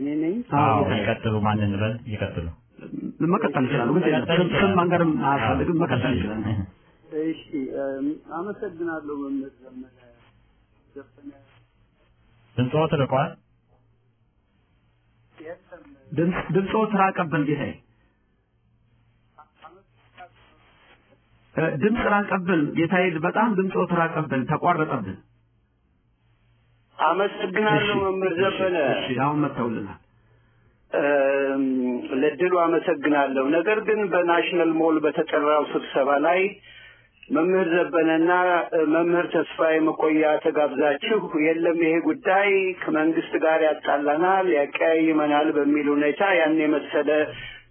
እኔ ነኝ። አዎ ይቀጥሉ። ይቀጥሉ። መቀጠል ይችላሉ። ግን ስም መንገርም አያስፈልግም። መቀጠል ይችላሉ። እሺ፣ አመሰግናለሁ መምህር ዘመነ ዘፈነ። ድምፅዎ ድምፅዎ ትራቀብን ጌታዬ። ድምፅ ራቀብን ጌታዬ። በጣም ድምፅ ትራቀብን፣ ተቋረጠብን። አመሰግናለሁ መምህር ዘፈነ አሁን መጥተውልናል። ለድሉ አመሰግናለሁ። ነገር ግን በናሽናል ሞል በተጠራው ስብሰባ ላይ መምህር ዘበነና መምህር ተስፋዬ መቆያ ተጋብዛችሁ የለም ይሄ ጉዳይ ከመንግስት ጋር ያጣላናል፣ ያቀያይመናል በሚል ሁኔታ ያን የመሰለ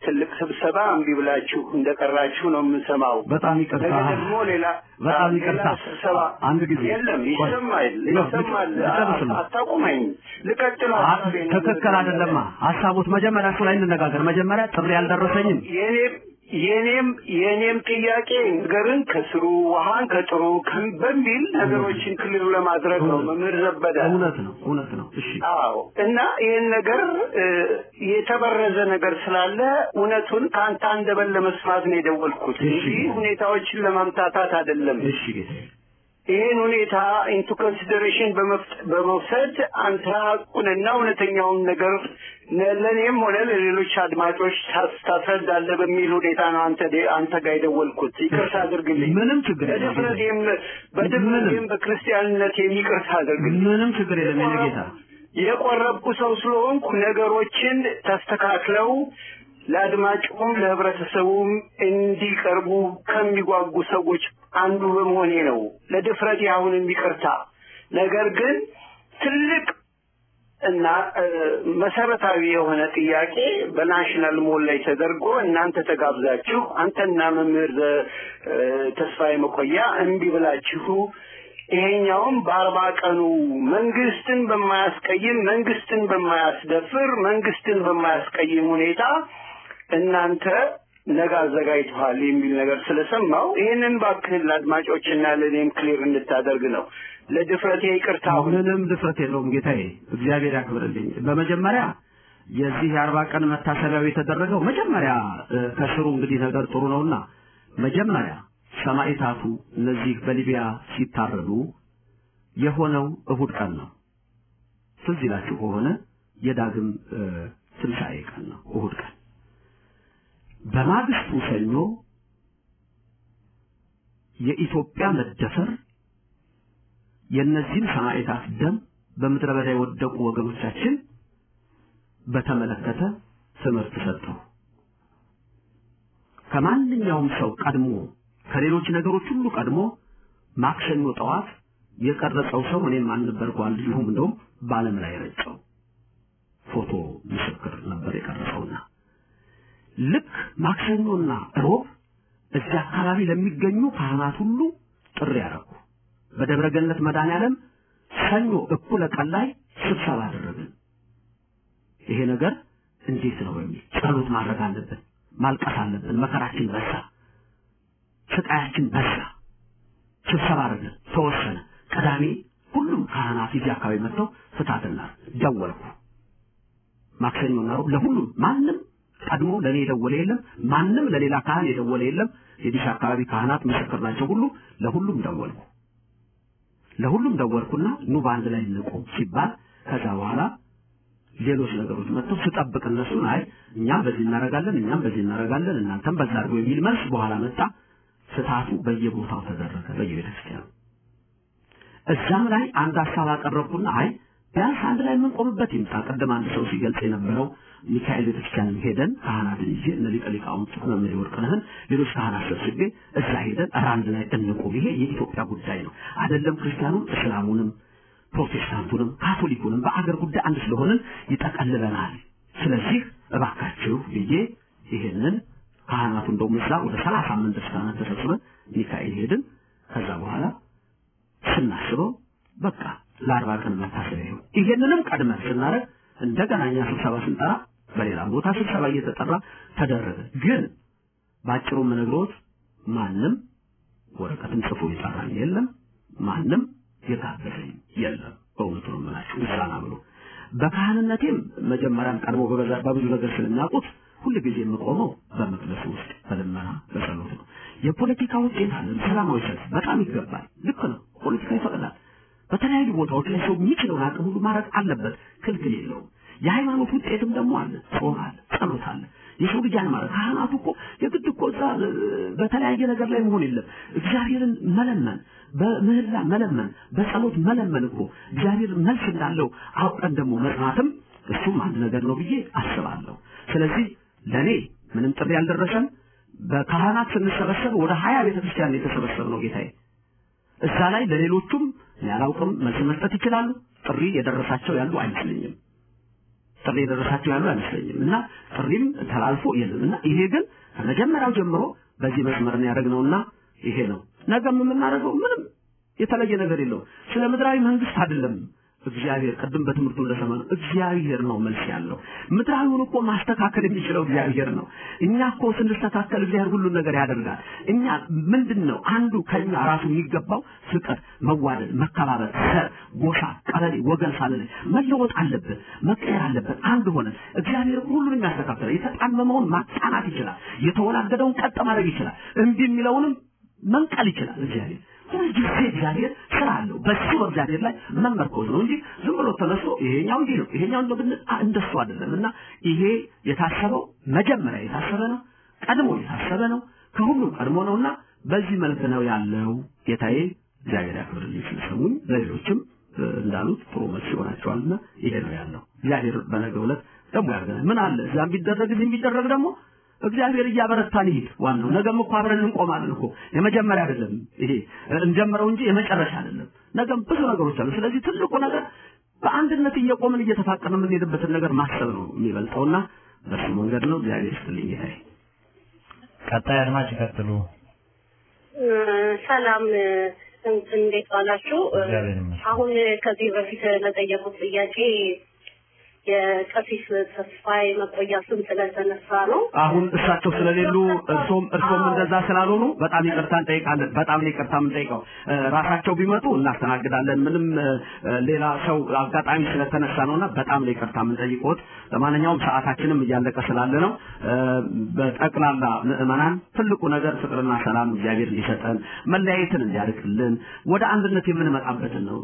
ትልቅ ስብሰባ እምቢ ብላችሁ እንደቀራችሁ ነው የምንሰማው። በጣም ይቅርታ ደግሞ ሌላ በጣም ይቅርታ ስብሰባ አንድ ጊዜ የለም ይሰማል ይሰማል። አታቁመኝ ልቀጥል። ትክክል አይደለማ ሀሳቦት መጀመሪያ እሱ ላይ እንነጋገር። መጀመሪያ ጥሪ አልደረሰኝም ይሄ የኔም የኔም ጥያቄ ነገርን ከስሩ ውሃን ከጥሩ በሚል ነገሮችን ክልሉ ለማድረግ ነው። መምህር ዘበዳ እውነት ነው፣ እውነት ነው። እሺ፣ አዎ። እና ይህን ነገር የተበረዘ ነገር ስላለ እውነቱን ከአንተ አንደበት ለመስማት ነው የደወልኩት እንጂ ሁኔታዎችን ለማምታታት አይደለም። እሺ ይህን ሁኔታ ኢንቱ ኮንሲደሬሽን በመውሰድ አንተ ሀቁንና እውነተኛውን ነገር ለእኔም ሆነ ለሌሎች አድማጮች ታስረዳለህ በሚል ሁኔታ ነው አንተ አንተ ጋር የደወልኩት። ይቅርታ አድርግልኝ። ምንም ችግር የለም። በድፍረቴም በድፍረቴም በክርስቲያንነት ይቅርታ አድርግልኝ። ምንም ችግር የለም። የእኔ ጌታ የቆረብኩ ሰው ስለሆንኩ ነገሮችን ተስተካክለው ለአድማጩም ለህብረተሰቡም እንዲቀርቡ ከሚጓጉ ሰዎች አንዱ በመሆኔ ነው። ለድፍረቴ አሁንም ይቅርታ። ነገር ግን ትልቅ እና መሰረታዊ የሆነ ጥያቄ በናሽናል ሞል ላይ ተደርጎ እናንተ ተጋብዛችሁ አንተና መምህር ተስፋዬ መቆያ እምቢ ብላችሁ ይሄኛውም በአርባ ቀኑ መንግስትን በማያስቀይም መንግስትን በማያስደፍር መንግስትን በማያስቀይም ሁኔታ እናንተ ነገ አዘጋጅተዋል የሚል ነገር ስለሰማው ይህንን እባክህን ለአድማጮችና ለእኔም ክሊር እንድታደርግ ነው። ለድፍረቴ ይቅርታ። ምንም ድፍረት የለውም ጌታዬ፣ እግዚአብሔር ያክብርልኝ። በመጀመሪያ የዚህ የአርባ ቀን መታሰቢያው የተደረገው መጀመሪያ ከስሩ እንግዲህ ነገር ጥሩ ነውና መጀመሪያ ሰማዕታቱ እነዚህ በሊቢያ ሲታረዱ የሆነው እሁድ ቀን ነው። ትዝ ይላችሁ ከሆነ የዳግም ትንሣኤ ቀን ነው እሁድ ቀን። በማግስቱ ሰኞ የኢትዮጵያ መደፈር የእነዚህም ሰማዕታት ደም በመድረ በዳ ወደቁ ወገኖቻችን በተመለከተ ትምህርት ሰጠው። ከማንኛውም ሰው ቀድሞ ከሌሎች ነገሮች ሁሉ ቀድሞ ማክሰኞ ጠዋት የቀረጸው ሰው እኔም አልነበርኩ ይሁን እንደውም ባለም ላይ ረጨው ፎቶ ምስክር ነበር የቀረጸውና ልክ ማክሰኞና ሮብ እዚያ አካባቢ ለሚገኙ ካህናት ሁሉ ጥሪ ያደረኩ በደብረገነት ገነት መድኃኔዓለም ሰኞ እኩለ ቀን ላይ ስብሰባ አደረግን። ይሄ ነገር እንዴት ነው የሚል ጸሎት ማድረግ አለብን፣ ማልቀስ አለብን። መከራችን በዛ፣ ስቃያችን በዛ። ስብሰባ አደረግን፣ ተወሰነ። ቅዳሜ ሁሉም ካህናት እዚህ አካባቢ መጥተው ፍታትና ደወልኩ። ማክሰኞና ሮብ ለሁሉም ማንም ቀድሞ ለኔ የደወለ የለም። ማንም ለሌላ ካህን የደወለ የለም። የዲሽ አካባቢ ካህናት ምስክር ናቸው። ሁሉ ለሁሉም ደወልኩ። ለሁሉም ደወልኩና ኑ በአንድ ላይ እንቁም ሲባል ከዛ በኋላ ሌሎች ነገሮች መጥተው ስጠብቅ እነሱን አይ እኛም በዚህ እናረጋለን እኛም በዚህ እናረጋለን እናንተም በዛ አድርጎ የሚል መልስ በኋላ መጣ። ስታቱ በየቦታው ተደረገ፣ በየቤተክርስቲያኑ። እዛም ላይ አንድ ሀሳብ አቀረብኩና አይ ቢያንስ አንድ ላይ የምንቆምበት ይምጣ። ቀደም አንድ ሰው ሲገልጽ የነበረው ሚካኤል ቤተክርስቲያንም ሄደን ካህናትን ይዤ እነ ሊቀ ሊቃውንት መምህር ወርቅነህን ሌሎች ካህናት ሰብስቤ እዛ ሄደን አንድ ላይ እንቁም። ይሄ የኢትዮጵያ ጉዳይ ነው አይደለም። ክርስቲያኑም፣ እስላሙንም፣ ፕሮቴስታንቱንም፣ ካቶሊኩንም በአገር ጉዳይ አንድ ስለሆንን ይጠቀልለናል። ስለዚህ እባካችሁ ብዬ ይህንን ካህናቱ እንደውም እዛ ወደ ሰላሳ ምን ደርሰናል ተሰብስበን መገናኛ ስብሰባ ስንጠራ በሌላም ቦታ ስብሰባ እየተጠራ ተደረገ። ግን ባጭሩ ምንግሮት ማንም ወረቀትን ጽፎ የጠራኝ የለም፣ ማንም የጋበዘኝ የለም። በእውነቱ ነው የምላችሁ ይሳና ብሎ በካህንነቴም መጀመሪያም ቀድሞ በብዙ ነገር ስለሚያውቁት ሁሉ ጊዜ የምቆመው በመቅደስ ውስጥ በልመና በጸሎት ነው። የፖለቲካ ውጤት አለን። ሰላማዊ ሰልፍ በጣም ይገባል። ልክ ነው። ፖለቲካ ይፈቅዳል። በተለያዩ ቦታዎች ላይ ሰው የሚችለውን አቅም ሁሉ ማድረግ አለበት። ክልክል የለውም። የሃይማኖት ውጤትም ደግሞ አለ። ጾማል ጸሎታል የሰው ልጅ ማለት ካህናቱ እኮ የግድ እኮ እዛ በተለያየ ነገር ላይ መሆን የለም። እግዚአብሔርን መለመን፣ በምህላ መለመን፣ በጸሎት መለመን እኮ እግዚአብሔር መልስ እንዳለው አውቀን ደግሞ መጽናትም እሱም አንድ ነገር ነው ብዬ አስባለሁ። ስለዚህ ለኔ ምንም ጥሪ አልደረሰም። በካህናት ስንሰበሰብ ወደ ሀያ ቤተክርስቲያን የተሰበሰብ ነው ጌታዬ። እዛ ላይ ለሌሎቹም ያላውቅም መልስ መስጠት ይችላሉ። ጥሪ የደረሳቸው ያሉ አይመስለኝም። ጥሪ የደረሳቸው ያሉ አይመስለኝም እና ጥሪም ተላልፎ የለም እና ይሄ ግን ከመጀመሪያው ጀምሮ በዚህ መስመር ነው ያደረግነውና ይሄ ነው ነገም የምናደርገው ምንም የተለየ ነገር የለውም ስለ ምድራዊ መንግስት አይደለም እግዚአብሔር ቅድም በትምህርቱ እንደሰማነው እግዚአብሔር ነው መልስ ያለው። ምድራዊውን እኮ ማስተካከል የሚችለው እግዚአብሔር ነው። እኛ እኮ ስንስተካከል እግዚአብሔር ሁሉን ነገር ያደርጋል። እኛ ምንድን ነው አንዱ ከኛ ራሱ የሚገባው ፍቅር፣ መዋደድ፣ መከባበር፣ ሰር፣ ጎሳ፣ ቀበሌ፣ ወገን ሳለን መለወጥ አለብን፣ መቀየር አለብን። አንድ ሆነ እግዚአብሔር ሁሉን የሚያስተካክለ የተጣመመውን ማጣናት ይችላል። የተወላገደውን ቀጥ ማድረግ ይችላል። እምቢ የሚለውንም መንቀል ይችላል እግዚአብሔር ስለዚህ እግዚአብሔር ስራ አለው። በሱ በእግዚአብሔር ላይ መመርኮዝ ነው እንጂ ዝም ብሎ ተነስቶ ይሄኛው እንዲህ ነው ይሄኛው ነው ብን እንደሱ አይደለም እና ይሄ የታሰበው መጀመሪያ የታሰበ ነው፣ ቀድሞ የታሰበ ነው፣ ከሁሉም ቀድሞ ነው እና በዚህ መልክ ነው ያለው። ጌታዬ እግዚአብሔር ያክብርልኝ ስለሰሙኝ ለሌሎችም እንዳሉት ፕሮመስ መልስ ይሆናቸዋልና ይሄ ነው ያለው። እግዚአብሔር በነገ ሁለት ደግሞ ያርገናል። ምን አለ እዛም ቢደረግ እዚህም ቢደረግ ደግሞ እግዚአብሔር እያበረታን ይሄድ። ዋናው ነገም እኮ አብረን እንቆማለን እኮ የመጀመሪያ አይደለም ይሄ እንጀምረው እንጂ የመጨረሻ አይደለም። ነገም ብዙ ነገሮች አሉ። ስለዚህ ትልቁ ነገር በአንድነት እየቆምን እየተፋቀርን የምንሄድበትን ነገር ማሰብ ነው የሚበልጠውና በሱ መንገድ ነው እግዚአብሔር ይስጥልኝ። ይሄ ቀጣይ አድማጭ ይቀጥሉ። ሰላም እንዴት ዋላችሁ? አሁን ከዚህ በፊት ለጠየቁት ጥያቄ የቀሲስ ተስፋዬ መቆያ ስም ስለተነሳ ነው። አሁን እሳቸው ስለሌሉ እርሶም እርሶም እንደዛ ስላልሆኑ በጣም ይቅርታ እንጠይቃለን። በጣም ይቅርታ የምንጠይቀው ራሳቸው ቢመጡ እናስተናግዳለን። ምንም ሌላ ሰው አጋጣሚ ስለተነሳ እና በጣም ይቅርታ የምንጠይቆት። ለማንኛውም ሰዓታችንም እያለቀ ስላለ ነው። በጠቅላላ ምዕመናን ትልቁ ነገር ፍቅርና ሰላም እግዚአብሔር እንዲሰጠን መለያየትን እንዲያርቅልን ወደ አንድነት የምንመጣበትን ነው።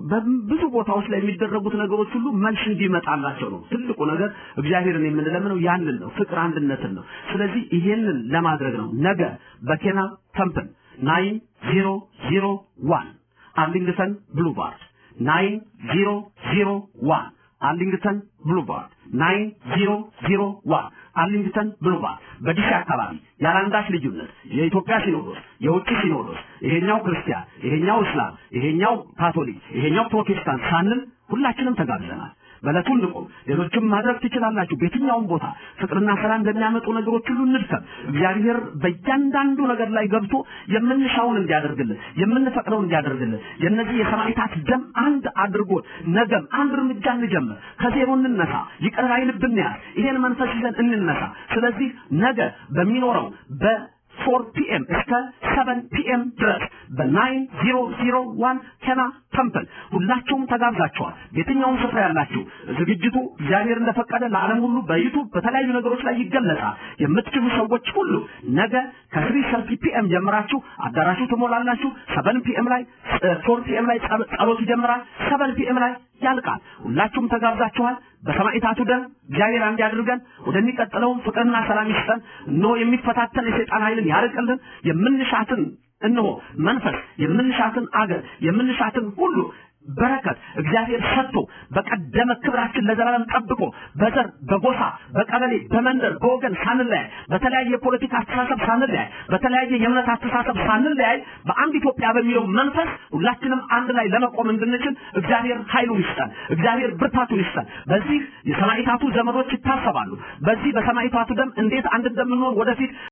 ብዙ ቦታዎች ላይ የሚደረጉት ነገሮች ሁሉ መልስ እንዲመጣላቸው ነው። ትልቁ ነገር እግዚአብሔርን የምንለምነው ያንን ነው፣ ፍቅር አንድነትን ነው። ስለዚህ ይሄንን ለማድረግ ነው ነገ በኬና ተምፕል ናይን ዜሮ ዜሮ ዋን አርሊንግተን ብሉባርድ ናይን ዜሮ ዜሮ ዋን አርሊንግተን ብሉባርድ ናይን ዜሮ ዜሮ ዋን አርሊንግተን ብሉባርድ በዲሲ አካባቢ ያላንዳች ልዩነት የኢትዮጵያ ሲኖዶስ፣ የውጭ ሲኖዶስ፣ ይሄኛው ክርስቲያን፣ ይሄኛው እስላም፣ ይሄኛው ካቶሊክ፣ ይሄኛው ፕሮቴስታንት ሳንል ሁላችንም ተጋብዘናል። በለቱን ልቁ ሌሎችም ማድረግ ትችላላችሁ። በየትኛውም ቦታ ፍቅርና ስራ እንደሚያመጡ ነገሮች ሁሉ እንድሰብ። እግዚአብሔር በእያንዳንዱ ነገር ላይ ገብቶ የምንሻውን እንዲያደርግልን፣ የምንፈቅደው እንዲያደርግልን የእነዚህ የሰማይታት ደም አንድ አድርጎ ነገም አንድ እርምጃ እንጀምር፣ ከዜሮ እንነሳ፣ ይቅር አይልብን ልብ ይሄን መንፈስ ይዘን እንነሳ። ስለዚህ ነገ በሚኖረው በ ፎር ፒኤም እስከ ሰቨን ፒኤም ድረስ በናይን ዚሮ ዚሮ ዋን ቴና ተምፕል ሁላችሁም ተጋብዛችኋል። የትኛውም ስፍራ ያላችሁ ዝግጅቱ እግዚአብሔር እንደፈቀደ ለዓለም ሁሉ በዩቱብ በተለያዩ ነገሮች ላይ ይገለጻል። የምትችሉ ሰዎች ሁሉ ነገ ከስሪ ሰርቲ ፒኤም ጀምራችሁ አዳራሹ ትሞላላችሁ። ሰቨን ፒኤም ላይ ፎር ፒኤም ላይ ጸሎት ይጀምራል። ሰቨን ፒኤም ላይ ያልቃል። ሁላችሁም ተጋብዛችኋል። በሰማዕታቱ ደም እግዚአብሔር አንድ ያድርገን። ወደሚቀጥለውም ፍቅርና ሰላም ይስጠን። እነሆ የሚፈታተን የሰይጣን ኃይልን ያርቅልን። የምንሻትን እነሆ መንፈስ የምንሻትን አገር የምንሻትን ሁሉ በረከት እግዚአብሔር ሰጥቶ በቀደመ ክብራችን ለዘላለም ጠብቆ በዘር በጎሳ በቀበሌ በመንደር በወገን ሳንለያይ በተለያየ የፖለቲካ አስተሳሰብ ሳንለያይ በተለያየ የእምነት አስተሳሰብ ሳንለያይ በአንድ ኢትዮጵያ በሚለው መንፈስ ሁላችንም አንድ ላይ ለመቆም እንድንችል እግዚአብሔር ኃይሉን ይስጠን። እግዚአብሔር ብርታቱን ይስጠን። በዚህ የሰማዕታቱ ዘመዶች ይታሰባሉ። በዚህ በሰማዕታቱ ደም እንዴት አንድ እንደምንሆን ወደፊት